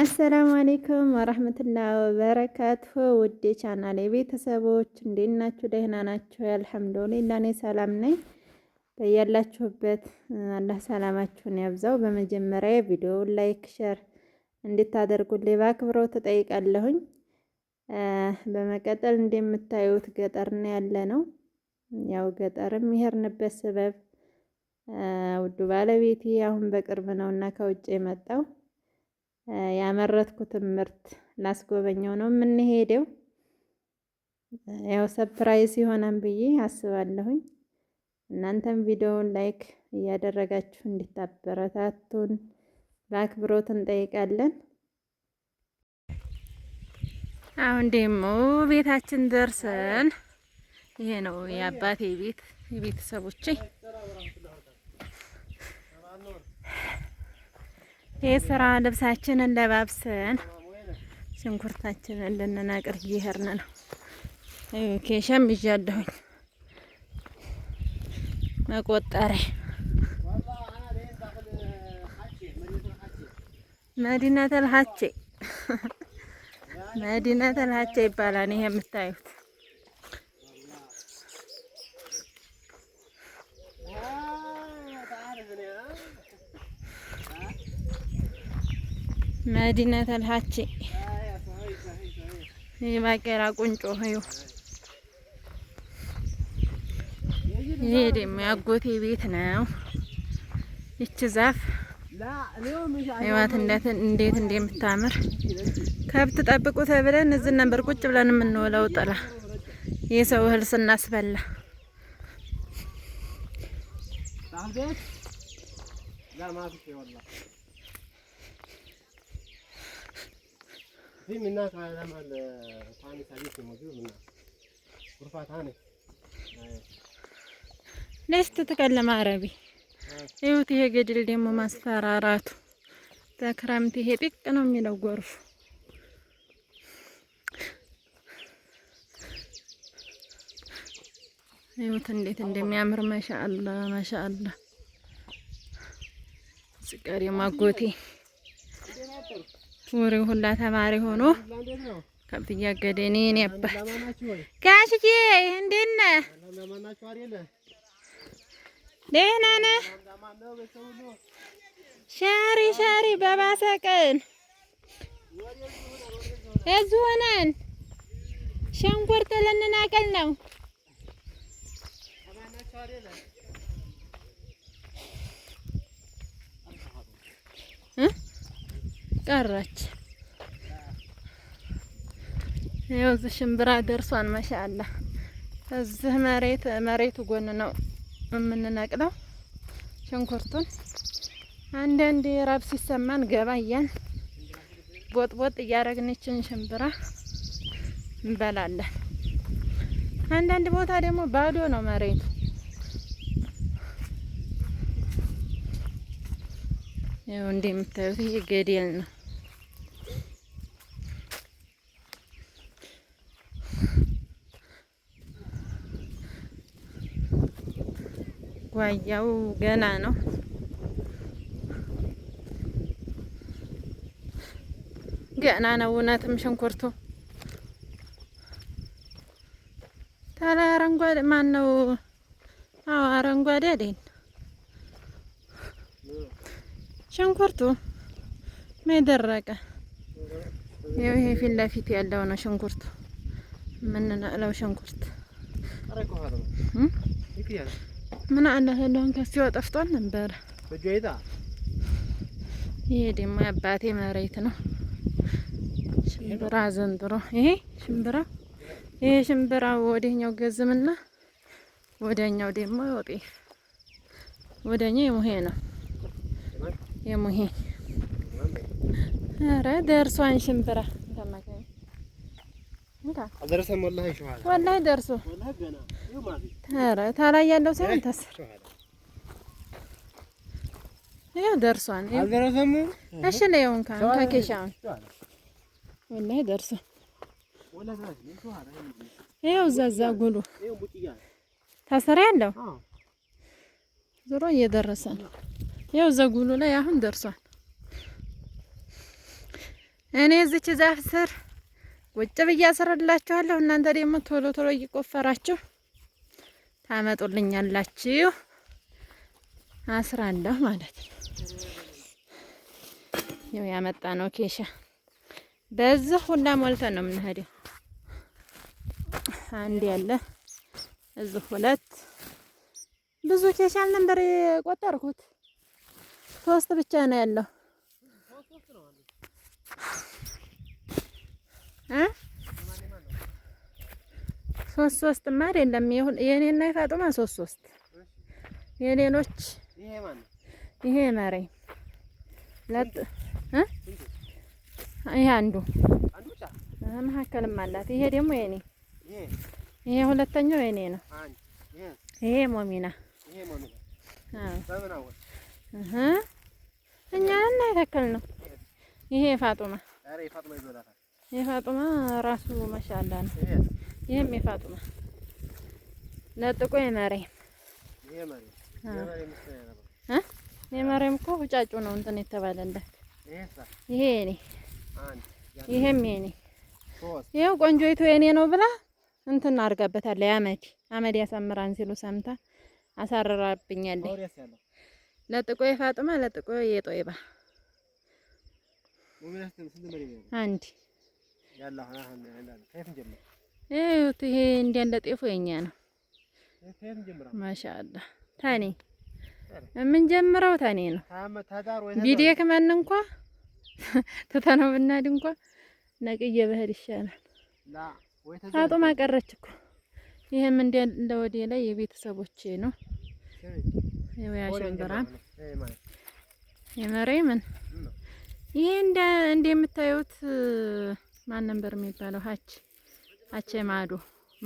አሰላሙ አሌይኩም ወረህመቱላ ወበረካቱ። ውድ ቻናል የቤተሰቦች እንዴት ናችሁ? ደህና ናችሁ? አልሐምዱሊላ እኔ ሰላም ነኝ። በያላችሁበት አላህ ሰላማችሁን ያብዛው። በመጀመሪያ ቪዲዮውን ላይክ፣ ሸር እንድታደርጉልኝ በአክብሮት ትጠይቃለሁኝ። በመቀጠል እንደምታዩት ገጠር ያለ ነው። ያው ገጠርም የሄድንበት ስበብ ውዱ ባለቤቴ አሁን በቅርብ ነው እና ከውጭ የመጣው ያመረትኩትን ምርት ላስጎበኘው ነው የምንሄደው። ያው ሰፕራይዝ ይሆናል ብዬ አስባለሁኝ። እናንተም ቪዲዮውን ላይክ እያደረጋችሁ እንድታበረታቱን በአክብሮት እንጠይቃለን። አሁን ደግሞ ቤታችን ደርሰን ይሄ ነው የአባቴ ቤት የቤተሰቦቼ የስራ ልብሳችንን ለባብሰን ሽንኩርታችንን ልንነቅር እየሄድን ነው። ኬሻም ይዣለሁኝ መቆጠሪያ መዲናተል ሀቼ መዲናተል ሀቼ ይባላል። ይሄ የምታዩት መዲነት አልሀቺ ይህ ቁንጮ ሆዩ ይሄ ደግሞ ያጎቴ ቤት ነው። ይቺ ዛፍ ህይወት እንዴት እንደምታምር ከብት ጠብቁ ተብለን እዚህ ነበር ቁጭ ብለን የምንውለው ጥላ የሰው እህል ስናስበላ። ለስትትቀለማ አረቢ ይሁት ይሄ ገድል ደግሞ ማስፈራራቱ በክረምት ይሄ ጥቅ ነው የሚለው ጎርፉ። ይሁት እንዴት እንደሚያምር ማሻአላ ማሻአላ ስቀሪ ማጎቴ ወሬ ሁላ ተማሪ ሆኖ ከብት እያገደ እኔ እኔ አባት ጋሽዬ እንዴት ነህ? ደህና ነህ? ሻሪ ሻሪ በባሰቀን እዚሁ ሆነን ሽንኩርት ልንነቅል ነው። ቀረች። ይኸው እዚህ ሽምብራ ደርሷን ማሻአላ። እዚህ መሬት መሬቱ ጎን ነው የምንነቅለው ሽንኩርቱን። አንዳንድ ራብ ሲሰማን ገባያን ቦጥቦጥ ቦጥ ቦጥ ሽምብራ እንበላለን። አንዳንድ ቦታ ደግሞ ባዶ ነው መሬቱ። ይኸው እንደምታዩት ይህ ገደል ነው። ኩባያው ገና ነው። ገና ነው። እውነትም ሽንኩርቱ ታላ አረንጓዴ ማን ነው? አዎ አረንጓዴ አይደል ሽንኩርቱ የደረቀ ይሄ ፊት ለፊት ያለው ነው ሽንኩርቱ ምን ነው ለው ሽንኩርት እህ ምን አላት ያለውን ከሲዋ ጠፍቷል ነበር። ይሄ ደግሞ አባቴ መሬት ነው። ሽምብራ ዘንድሮ ይሄ ሽምብራ ይሄ ሽምብራ ወደኛው ገዝምና ወደኛው ደግሞ ወጤ ወደኛው የሙሄ ነው የሙሄ ኧረ ደርሷን ሽምብራ ወላሂ ደርሶ ታላይ ያለው ሳይሆን ተስር ያው ደርሷን እሺ ነው እንካ እንካ ኬሻውን ወላሂ ደርሶ ጉሉ ያለው ዞሮ እየደረሰ ነው። ላይ አሁን ደርሷል። እኔ እዚች ዛፍ ስር ቁጭ ብዬ አስርላችኋለሁ። እናንተ ደግሞ ቶሎ ቶሎ እየቆፈራችሁ ታመጡልኛላችሁ። አስራለሁ ማለት ነው። ያው ያመጣ ነው ኬሻ በዚህ ሁላ ሞልተን ነው የምንሄደው። አንድ ያለ እዚህ ሁለት ብዙ ኬሻ ነበር የቆጠርኩት ሶስት ብቻ ነው ያለው። ሶስት ሶስት ማ አይደለም የኔና የፋጡማ ሶስት ሶስት የሌሎች ይሄ ማን ይሄ መረኝ ለጥ እ ይሄ አንዱ መሀከልም አላት። ይሄ ደግሞ የኔ ይሄ ሁለተኛው የኔ ነው። ይሄ ሞሚና ይሄ ሞሚና አዎ እኛ እና የተከል ነው። ይሄ የፋጡማ የፋጡማ ራሱ መሻላ ነው። ይህም የፋጡማ ነጥቆ የመሬም የመሬም እኮ ውጫጩ ነው እንትን የተባለለት ይሄ የኔ ይሄም የኔ ይሄው ቆንጆይቱ የኔ ነው ብላ እንትን አድርጋበታለ። አመድ አመድ ያሳምራን ሲሉ ሰምታ አሳረራብኛለች። ለጥቆ የፋጡማ ለጥቆ የጦይባ አንድ እዩት። ይሄ እንዲያለ ጤፉ የኛ ነው። ማሻአላ ታኔ የምንጀምረው ታኔ ነው። ቢደክመን እንኳ ትተነው ብናድ እንኳ ነቅዬ በህል ይሻላል። አጡም አቀረች እኮ ይሄም እንዲያለ ወዴ ላይ የቤተሰቦቼ ነው። ይኸው ያሸንበራም የመሬ ምን ይሄ እንደ እንደምታዩት ማን ነበር የሚባለው ሀች ሀቸ ማዶ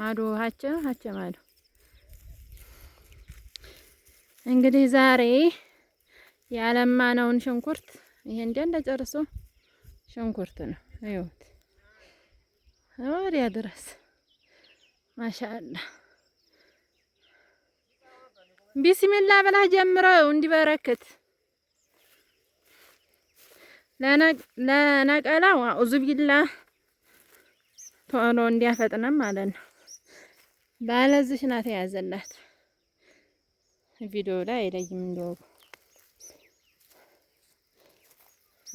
ማዶ ሀቸ ሀቸ ማዶ እንግዲህ ዛሬ ያለማነውን ሽንኩርት ይሄ እንደ እንደጨርሶ ሽንኩርት ነው። እዩት ወዲያ ድረስ ማሻአላ ቢስሚላ ብላ ጀምረው እንዲበረክት ለነቀላው አዑዙ ቢላህ ቶሎ እንዲያፈጥነም ማለት ነው። ባለዚህ ናት የያዘላት ቪዲዮ ላይ አይለይም። እንዲያው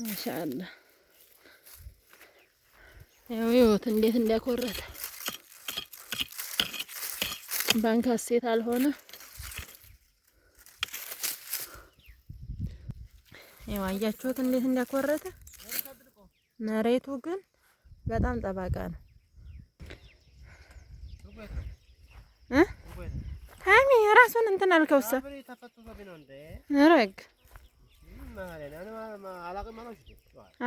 ማሻአላ ያው እንዴት እንዲያኮረተ ባንክ ሴት አልሆነ ያው አያችሁት እንዴት እንዳኮረተ መሬቱ ግን በጣም ጠባቃ ነው። ታሚ ራሱን እንትን አልከው እሷ ረግ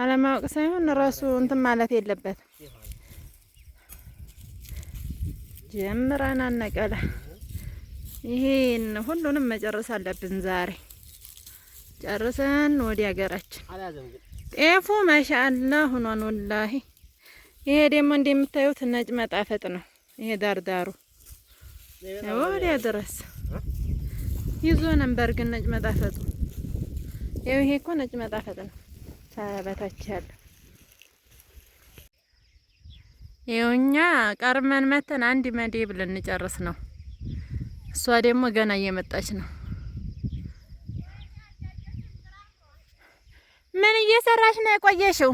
አለማወቅ ሳይሆን ራሱ እንትን ማለት የለበትም። ጀምረን አነቀለ ይሄን ሁሉንም መጨረስ አለብን ዛሬ ጨርሰን ወደ ሀገራችን። ጤፉ ማሻአላ ሁኗን ወላሂ። ይሄ ደግሞ እንደምታዩት ነጭ መጣፈጥ ነው። ይሄ ዳርዳሩ ወዲያ ድረስ ይዞ ነበር፣ ግን ነጭ መጣፈጡ ያው ይሄ እኮ ነጭ መጣፈጥ ነው። በታች ያለው ይኸው እኛ ቀርመን መተን አንድ መዴ ብለን እንጨርስ ነው። እሷ ደግሞ ገና እየመጣች ነው። ምን እየሰራሽ ነው የቆየሽው?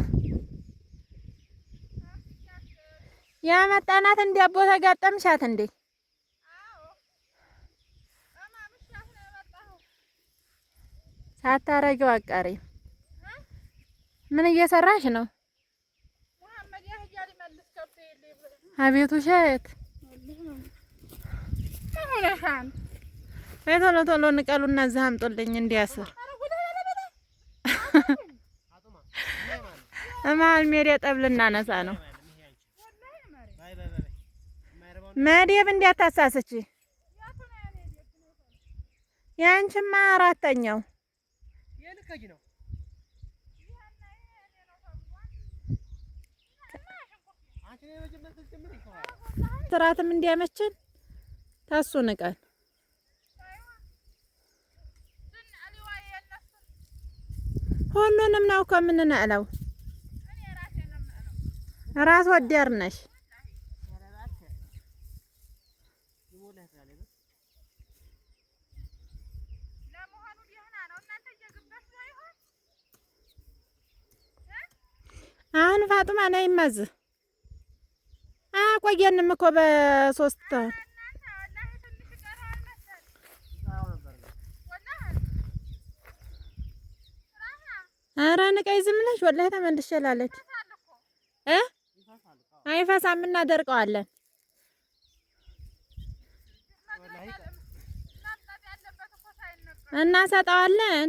ያመጣናት እንደ አቦ ተጋጠምሻት እንዴ? ሳታረጊው አቃሪ ምን እየሰራሽ ነው? አቤቱ ሸት ቶሎ ቶሎ ንቀሉና እዚህ አምጡልኝ እንዲያስር እማል ሜዳ ጠብልና ነሳ ነው መደብ እንዳታሳስች። ያንቺማ አራተኛው ስራትም እንዲያመችን ታሱ ንቀን ሁሉንም ነው ከምንነዕለው ራስ ወዳድ ነሽ። አሁን ፋጡማ ነይ መዝ አቆየንም እኮ በሶስት ኧረ ንቀይ ዝም ብለሽ ወላሂ ተመልሼ እላለች እ አይፈሳም እናደርቀዋለን። እናሰጠዋለን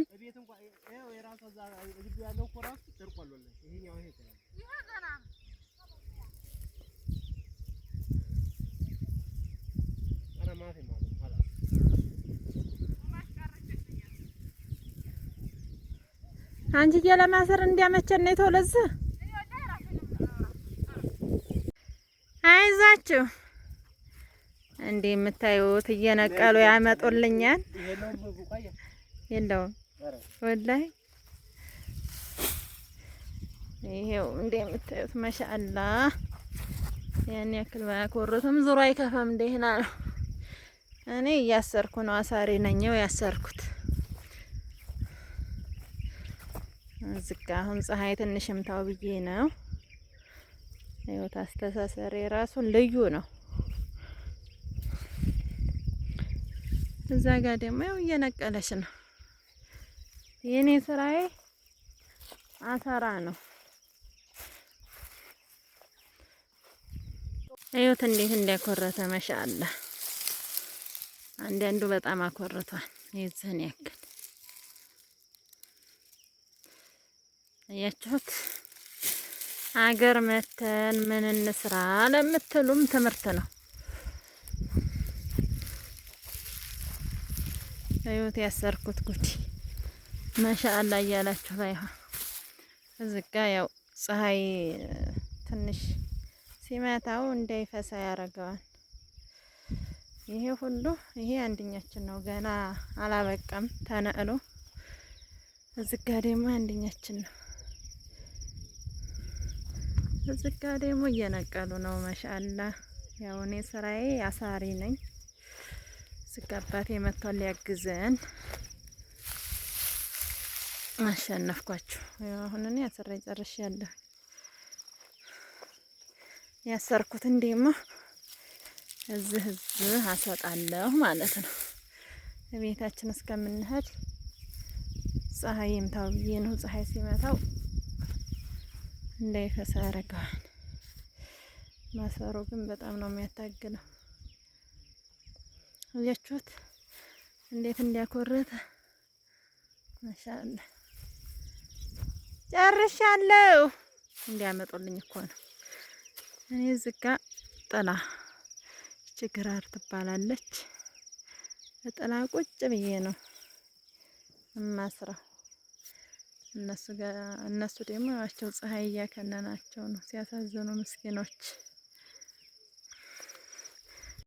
አንቺዬ ለማሰር እንዲያመቸን ነው የተወለዝህ። አይዛችሁ እንዲህ የምታዩት እየነቀሉ ያመጡልኛል። የለውም ወላሂ ይሄው እንዴ የምታዩት ማሻአላ ያን ያክል ባያኮርትም ዙሮ አይከፋም። ደህና ነው። እኔ እያሰርኩ ነው። አሳሪ ነኝ ያሰርኩት እዝጋ አሁን ፀሐይ ትንሽም ታው ብዬ ነው። ህይወት አስተሳሰሪ ራሱን ልዩ ነው። እዛ ጋር ደግሞ ያው እየነቀለች ነው። የኔ ስራዬ አሰራ ነው። ህይወት እንዴት እንዲያኮረተ መሻአላ አንዳንዱ በጣም አኮርቷል። የዚህን ያክል አያችሁት። አገር መተን ምን እንስራ ለምትሉም ትምህርት ነው። እዩት ያሰርኩት ጉዲ ማሻአላ እያላችሁ ላይ ሆን እዝጋ ያው ፀሐይ ትንሽ ሲመታው እንዳይፈሳ ያደርገዋል። ይሄ ሁሉ ይሄ አንድኛችን ነው፣ ገና አላበቃም ተነእሎ። እዝጋ ደግሞ አንድኛችን ነው። እዚህ ጋ ደግሞ እየነቀሉ ነው። ማሻአላ ያው እኔ ስራዬ አሳሪ ነኝ። እዚህ ጋ አባቴ መጥቷል ሊያግዘን። አሸነፍኳችሁ። አሁን እኔ አስሬ ጨርሻለሁ። ያሰርኩት እንዴማ እዚህ እዚህ አሰጣለሁ ማለት ነው። ቤታችን እስከምንሄድ ፀሐይ ይምታው ብዬ ነው። ፀሐይ ሲመታው እንዳይፈሳ ያደርገዋል። ማሰሮ ግን በጣም ነው የሚያታግለው። እያችሁት እንዴት እንዲያኮረተ ማሻአላ። ጨርሻለሁ። እንዲያመጡልኝ እኮ ነው። እኔ እዚህ ጥላ ችግራር ትባላለች። ጥላ ቁጭ ብዬ ነው እማስራው። እነሱ ደግሞ ናቸው ፀሐይ እያከነናቸው ነው። ሲያሳዝኑ ምስኪኖች።